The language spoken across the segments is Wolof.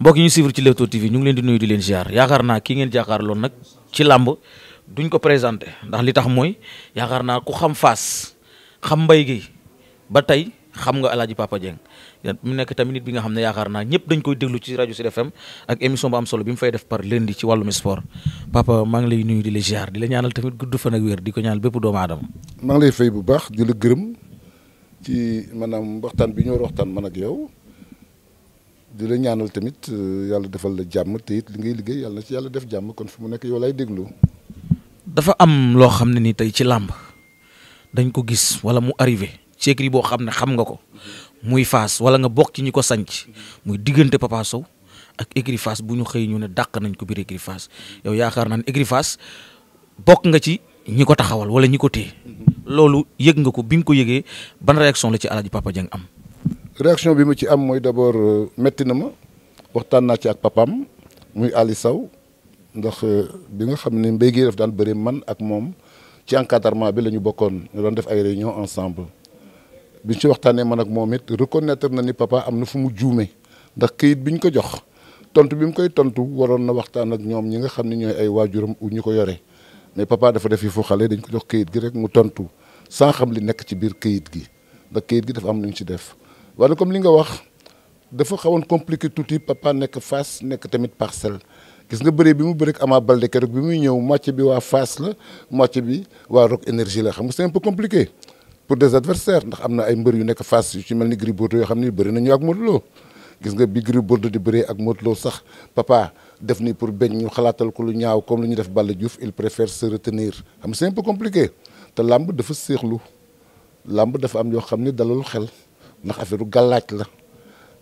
mbokk yi ñu suivre ci Leewtoo TV ñu ngi leen di nuyu di leen ziar yaakaar naa ki ngeen jàkkaarloo nag ci làmb duñ ko présenté ndax li tax mooy yaakaar naa ku xam Fass xam mbay gi ba tey xam nga Alaaji Papa Dieng mu nekk tamit nit bi nga xam ne yaakaar naa ñëpp dañ koy déglu ci rajo Sud FM ak émission bu am solo bi mu fay def par leen di ci wàllu wàllum sport papa maa ngi nuyu di la ziar di la ñaanal tamit gudd fan ak wér di ko ñaanal bépp doomu aadama. maa ngi fay bu baax di la gërëm ci maanaam bi ñu war man ak yow. di la ñaanal tamit euh, yàlla defal la jàmm te it li ngay liggéey yàlla ci yàlla def jàmm kon fu mu nekk yow lay déglu. dafa am loo xam ne ni tey ci làmb dañ ko gis wala mu arriver ci boo xam ne xam nga ko muy Fass wala nga bokk ci ñi ko sanc muy diggante Papa Sow ak écrit Fass bu ñu xëy ñu ne dàq nañ ko biir écrit yow yaakaar naa ne écrit bokk nga ci ñi ko taxawal wala ñi ko téye mm-hmm. loolu yëg nga ko bi nga ko yëgee ban réaction la ci Alaaji Papa Dieng am. réaction bi mu ci am mooy d'abord euh, métti na ma waxtaan naa ci ak papam muy Ali Sow ndax euh, bi nga xam ne mbéy gi daf daan bëri man ak moom ci encadrement bi la ñu bokkoon ñu doon def ay réunion ensemble biñ ci waxtaanee man ak moom it reconnaître na ni papa am na fu mu juume ndax këyit bi ñu ko jox tontu bi mu koy tontu waroon na waxtaan ak ñoom ñi nga xam ne ñooy ay waajuram u ñu ko yore mais papa dafa def yi fu xale dañ ko jox këyit gi rek mu tontu sans xam li nekk ci biir këyit gi ndax këyit gi dafa am lu ñu ci def wala comme li nga wax dafa xawoon compliqué tuuti papa nekk Fass nekk tamit parcelle gis nga bëre bi mu bëre amaa Ama Baldé keroog bi muy ñëw moitié bi waa fas la moitié bi waa Rock Énergie la xam nga c'est un pour des adversaires ndax am na ay mbër yu nekk Fass yu ci mel ni Gris Bordeaux yoo xam ni bëri nañu ak Modou gis nga bi Gris Bordeaux di bëree ak mootloo sax papa def ni pour beñ ñu xalaatal ko lu ñaaw comme lu ñu def Balla Diouf il préfère se retenir xam c'est un peu compliqué te làmb dafa séexlu làmb dafa am yoo xam ni dalal xel. ndax affaire gàllaaj la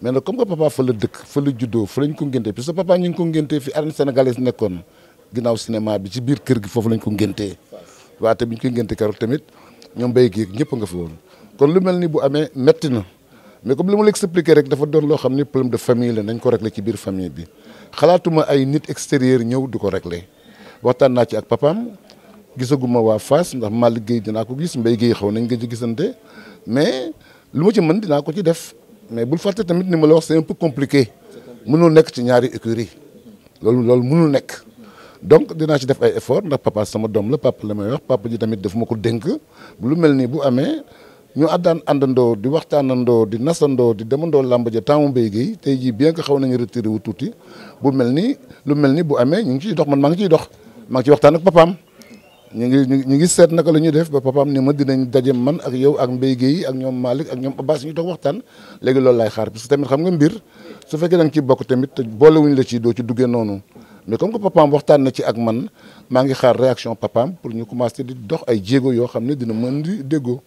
mais nag comme que papa fa la dëkk fa la juddoo fa lañ ko ngéntee parce que papa ñu ngi ko ngéntee fi arène sénégalaise nekkoon ginnaaw cinéma bi ci biir kër gi foofu lañ ko ngéntee waaw te biñ ko ngéntee keroog tamit ñoom béy gi ñëpp nga fa woon kon lu mel ni bu amee metti na mais comme li ma la expliqué rek dafa loo xam ni problème de famille la nañ ko réglé ci biir famille bi xalaatuma ay nit extérieur ñëw di ko réglé waxtaan naa ci ak papaam gisaguma waa Fass ndax Malick Guèye dinaa ko gis Mbaye Guèye xaw nañ nga ci gisante mais lu ma ci mën dinaa ko ci def mais bul fàtte tamit ni ma la wax c'est un peu compliqué mënul nekk ci ñaari écurie loolu loolu mënul nekk donc dinaa ci def ay effort ndax papa sama doom la papa la may wax papa ji tamit daf ma ko dénk lu mel nii bu amee ñu àddaan àndandoo di waxtaanandoo di nasandoo di demandoo làmb ja taamu mbéy gi tey jii bien que xaw nañu retiré wu tuuti bu mel ni lu mel ni bu amee ñu ngi ciy dox man maa ngi ciy dox maa ciy waxtaan ak papaam. ñu ngi ñu ngi seet naka la ñuy def ba papaam ni ma dinañ daje man ak yow ak Mbaye Guèye ak ñoom Malick ak ñoom Abbas ñu toog waxtaan léegi loolu laay xaar parce que tamit nga mbir su fekkee da nga bokk tamit boolewuñ la ci doo ci duggee noonu mais comme que papaam waxtaan na ci ak man maa ngi xaar réaction papaam pour ñu commencer di dox ay jéego yoo xam ne dina mën di déggoo.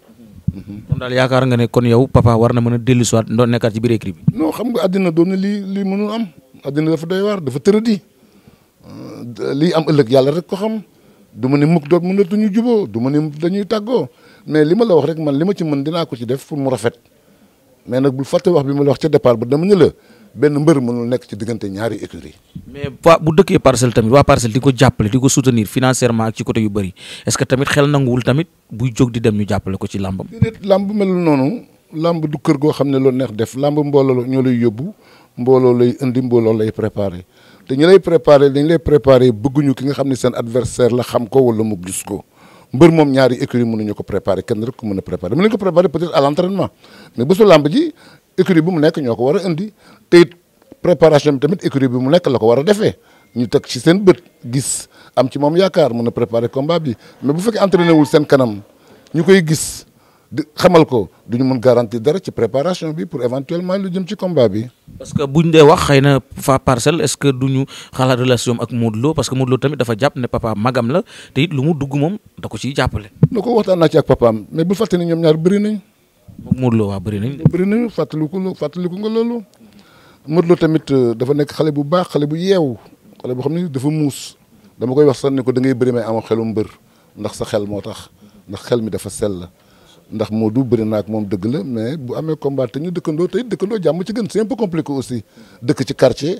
Mhm. kon daal yaakaar nga ne kon yow papa war na mën a dellu si waat doon nekkaat ci biir écrit bi. non xam nga àddina doon na lii lii mënul am àddina dafa doy waar dafa tëradi euh, lii am ëllëg yàlla rek ko xam du ma ni mukk doot mënatuñu juboo du ma ni dañuy tàggoo mais li ma la wax rek man li ma ci mën dinaa ko ci def pour mu rafet mais nag bul fàtte wax bi ma la wax ca départ ba dama la benn mbër mënul nekk ci diggante ñaari écurie mais bu dëkkee parcelle tamit waa parcelle di ko jàppale di ko soutenir financièrement ak ci côté yu bëri est-ce que tamit xel nanguwul tamit buy jóg di dem ñu jàppale ko ci làmbam déedéet làmb melul noonu làmb du kër goo xam ne loolu neex def làmb mbooloo ñoo lay yóbbu mbooloo lay indi mbooloo lay préparé te ñu lay préparer dañ lay préparer bëgguñu ki nga xam ne seen adversaire la xam ko wala mu gis ko mbër moom ñaari écurie mënuñu ko préparer kenn rek ko mën a préparer mën nañu ko préparer peut-être à l'entraînement mais bésu làmb ji écurie bi mu nekk ñoo ko war indi te it préparation bi tamit écurie bi mu nekk la ko war a defee ñu teg ci seen bët gis am ci moom yaakaar mën a préparer combat bi mais bu fekkee entraîné wul seen kanam ñu koy gis. di xamal ko du ñu mun garanti dara ci préparation bi pour éventuellement lu jëm ci combat bi. parce que buñ dee wax xëy na fa parcelle est-ce que du ñu xalaat relation ak Modou Lo parce que Modou Lo tamit dafa jàpp ne papa la lu mu dugg moom da ko jàppale. na ko waxtaan naa ak papaam mais bu fàttali ñoom ñaar bëri nañ. Modou Lo waa bëri nañ. bëri nañu fàttaliku fàttaliku nga loolu. Modou Lo tamit euh, dafa nekk xale bu baax xale bu yeewu xale boo xam ne dafa muus dama koy wax sa ne ko da ngay bëri may amoo xelum mbër ndax sa xel moo tax ndax xel mi dafa sell ndax Modou bëri na ak moom dëgg la mais bu amee combat te ñu dëkkandoo tey dëkkandoo jàmm ci gën c'est un peu compliqué aussi dëkk ci quartier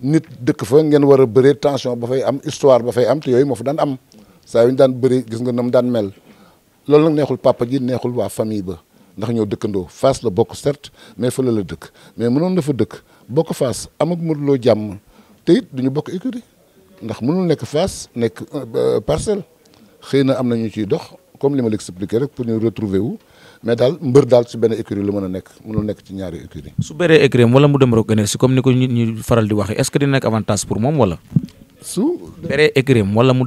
nit dëkk fa ngeen war a bëree tension ba fay am histoire ba fay am te yooyu moo fa daan am saa yu ñu daan bëri gis nga nam daan mel loolu nag neexul papa ji neexul waa famille ba ndax ñoo dëkkandoo fas la bokk sert mais fële la dëkk mais mënoon na fa dëkk bokk fas am ak loo Lo jàmm te it duñu bokk écurie ndax mënul nekk Fass nekk euh, parcelle xëy na am na ñu ciy dox. comme li ma l'expliqué rek pour ñu retrouver wu mais daal mbër daal ci benn écurie lu mën a nekk mënul nekk ci ñaari écurie su bëree écurie am wala mu dem rek si comme ni ko nit ñi faral di waxee est-ce que nekk avantage mu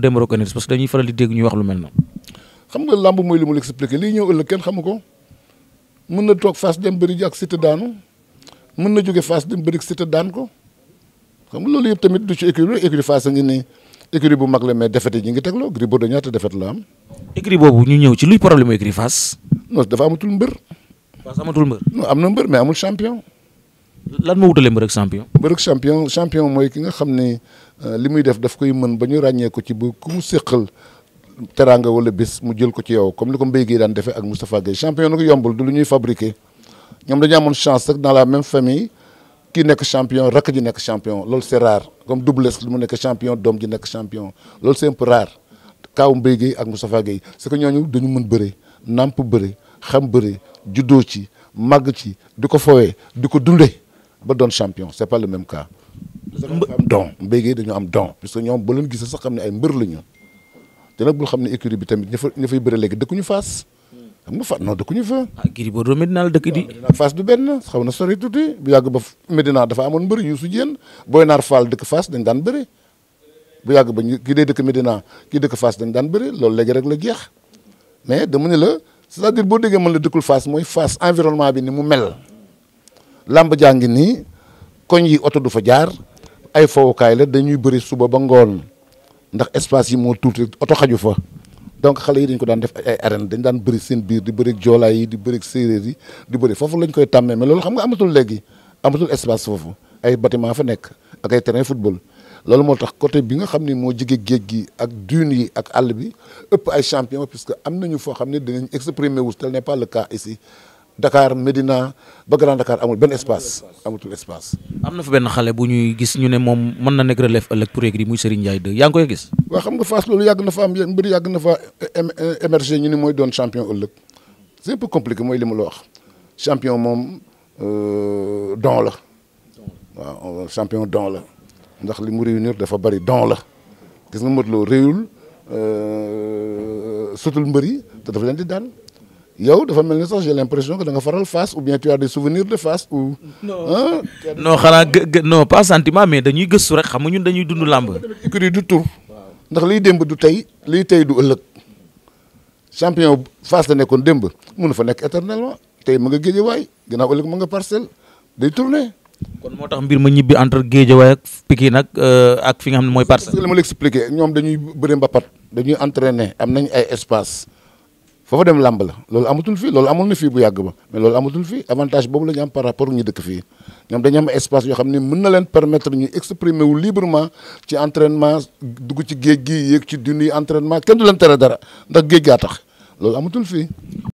dem rek parce que dañuy faral di dégg ñuy wax lu mel noonu. xam nga làmb mooy li mu l'expliqué lii ñëw ëllëg kenn xamu ko mën na toog face dem bëri ji ak cité daanu mën na jóge face mu bëri cité daan ko xam nga loolu yëpp tamit du ci écurie écurie face a ngi nii écurie bu mag la mais defet yi ñu ngi tegloo Gris Bordeaux ñaata défaite la am. écurie boobu ñu ñëw ci luy problème mu écurie Fass. non dafa amatul mbër. Fass amatul mbër. non am na mbër mais amul champion. lan moo wutalee mbër ak champion. champion mooy ki nga xam ne euh, li muy def daf koy mën ba ñu ràññee ko ci bu ku mu séqal teraanga wala bés mu jël ko ci yow comme ni ko Mbaye Guèye daan defee ak Moustapha Guèye champion nag yombul du lu ñuy fabriqué ñoom dañu amoon chance rek dans la même famille. kii nekk champion rakk ji nekk champion loolu c'est rare comme Double Less mu nekk champion doom ji nekk champion loolu c'est un Kaaw Mbaye Guèye ak Moustapha Guèye c'est que ñooñu dañu mën bëre nàmp bëre xam bëre juddoo ci màgg ci di ko fowee di ko dundee ba doon champion c'est pas le même cas. am don Mbaye gi dañu am don parce que ñoom ba leen gisee sax xam ne ay mbër la ñu te nag bul xam ne écurie bi tamit ña fa ña fay bëre léegi xam nga Fass non dëkkuñu fa. ah Gris Bordeaux dëkk di. waaw Fass du benn xaw na sori tuuti bu yàgg ba Medina dafa amoon mbëri ñu su jéen booy naar Fall dëkk Fass dañ daan bëri bu yàgg ba ñu kii dëkk Medina kii dëkk Fass dañ daan bëri loolu léegi rek la jeex mais dama ne la c'est-à-dire boo déggee man la dëkkul Fass mooy Fass environnement bi ni mu mel làmb jaa ngi nii koñ yi oto du fa jaar ay fowukaay la dañuy bëri suba ba ngoon ndax espace yi moo tuuti oto xaju fa. donc xale yi dañ ko daan def ay arène dañ daan bëri seen biir di bëri jolaayi yi di bëri séeréer yi di bëri foofu lañ koy tàmmee mais loolu xam nga amatul léegi amatul espace foofu ay bâtiment fa nekk ak ay terrain football loolu moo tax côté bi nga xam ni moo jege géej gi ak dunes yi ak àll bi ëpp ay champion puisque am nañu foo xam ne dinañ exprimer wu tel n'est pas le cas ici Dakar Médina ba Grand Dakar amul benn espace amatul espace. am na fa benn xale bu ñuy gis ñu ne moom mën na nekk relève ëllëg pour écurie muy Serigne Ndiaye 2 yaa ngi koy gis. waa xam nga Fass loolu yàgg na fa am mbir yàgg na fa émerger ñu ni mooy doon champion ëllëg c'est un peu compliqué mooy li mu la wax champion moom euh, don la waaw champion don la ndax li mu réunir dafa bari don la gis nga Modou Lo réyul euh, sutul mbër yi te dafa leen di daan. yow dafa mel ni sax j'ai l'impression da nga faral Fass ou bien tu as des souvenirs de Fass ou. non xanaa gë non pas sentiment mais dañuy gëstu rek xam nga ñun dañuy dundu làmb. écurie du tur ndax liy démb du tey liy tey du ëllëg champion Fass la nekkoon demb mun fa nekk éternellement tey ma nga Géejawaay ginnaaw ëllëg ma nga Parcelles day tourné. kon moo tax mbir ma ñibbi entre Géejawaay ak Pikine nag euh, ak fi nga xam ne mooy. Parcelles li ma la expliqué ñoom dañuy bëre mbapat dañuy entraîner am nañ ay espace foofa dem làmb la loolu amatul fii loolu amul na fii bu yàgg ba mais lool amatul fi avantage boobu la ñu am par rapport ñu dëkk fii ñoom dañu am espace yoo xam ne na leen permettre ñu exprimer wu librement ci entraînement dugg ci géej gi yéeg ci duni entraînement kenn du leen tere dara ndax géej gaa tax loolu amatul fii